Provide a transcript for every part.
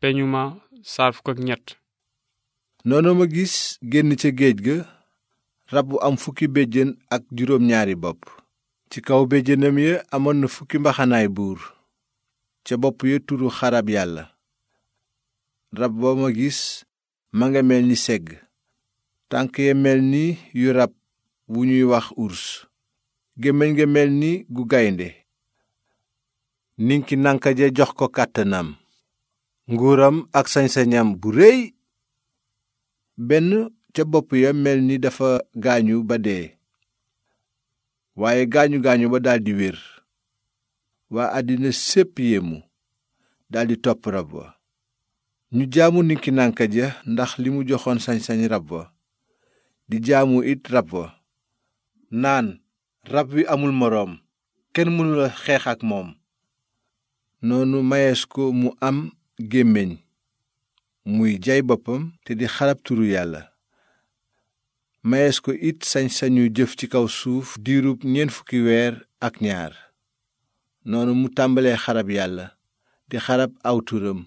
peñu ma saar ak ñett noonu ma gis génn ca géej ga rab bu am fukki béjjén ak juróom ñaari bopp ci kaw béjjénam ya amoon na fukki mbaxanaay buur ca bopp ya turu xarab yàlla rab ba ma gis ma nga mel ni segg tànk ya mel ni yu rab wu ñuy wax urs gémmiñ nga mel ni gu gaynde ninki nanka ja jox ko kàttanam nguuram ak sañsañam bu réy benn ca bopp ya mel ni dafa gaañu ba dee waaye gaañu gaañu ba daldi wér waa àddina sépp yéemu daldi topp rab wa ñu jaamu ninki nànka ja ndax li mu joxoon sañsañ sañ rab wa di jaamu it rab wa naan rab wi amul moroom kenn mënula xeex ak moom noonu mayees ko mu am gémmiñ muy jaay boppam te di xarab turu yàlla mayees ko it sañsañu jëf ci kaw suuf diirub ñeent fukki weer ak ñaar noonu mu tàmbalee xarab yàlla di xarab aw turam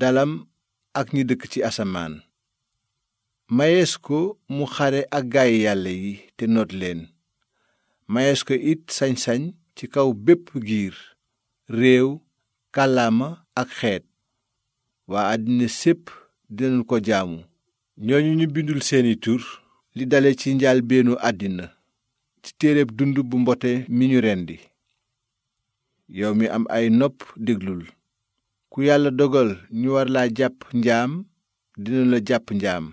dalam ak ñi dëkk ci asamaan mayees ko mu xare ak gaay yàlla yi te noot leen mayees ko it sañsañ ci kaw bépp giir réew kàllaama ak xeet waa àddina sépp dinañ ko jaamu ñooñu ñu bindul seeni tur li dale ci njaal beenu àddina ci téereb dund bu mbote mi ñu rendi yow mi am ay nopp déglul ku yàlla dogal ñu war laa jàpp njaam dina la jàpp njaam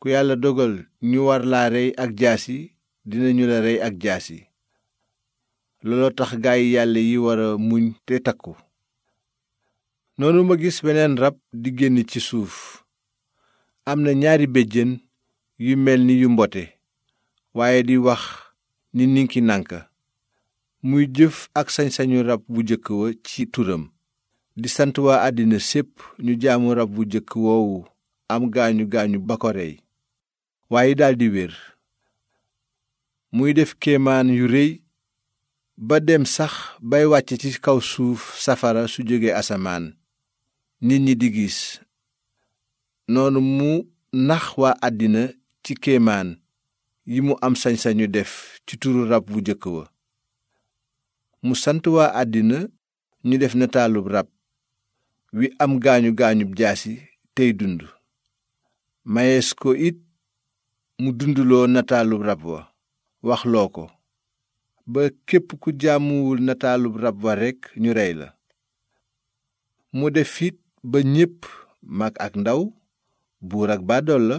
ku yàlla dogal ñu war laa rey ak jaasi dinañu la rey ak jaasi looloo tax gaay yàlla yi war a muñ te takku noonu ma gis beneen rab di génn ci suuf am na ñaari béjjén yu mel ni yu mbote waaye di wax ni ninki nànka muy jëf ak sañ-sañu rab bu jëkk wa ci turam di sant waa àddina sépp ñu jaamu rab bu jëkk woowu am gaañu gaañu bakorey waaye daldi wér muy def kemaan yu rëy ba dem sax bay wàcc ci kaw suuf safara su jóge asamaan nit ñi di gis noonu mu nax waa àddina ci kéemaan yi mu am sañ-sañu def ci turu rab bu jëkk wa mu sant waa àddina ñu def nataalub rab wi am gaañu gaañub jaasi tey dund mayees ko it mu dunduloo nataalub rab wa waxloo ko ba képp ku jaamuwul nataalub rab wa rekk ñu rey la mu def it ba ñépp mag ak ndaw buur ak la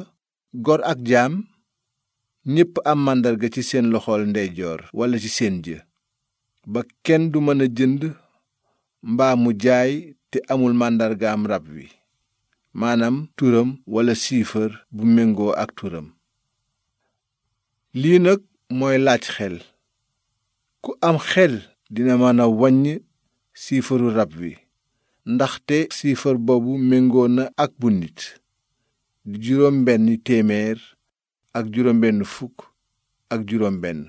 gor ak jaam ñépp am màndarga ci seen loxool ndeyjoor walla ci seen jë ba kenn du mën a jënd mbaa mu jaay te amul màndargaam rab wi maanaam turam walla siifar bu méngoo ak turam lii nag mooy laaj xel ku am xel dina mën a wàññ siifaru rab wi ndaxte siifar boobu méngoo na ak bu nit di juróom benn téeméer ak juróom benn fukk ak juróom benn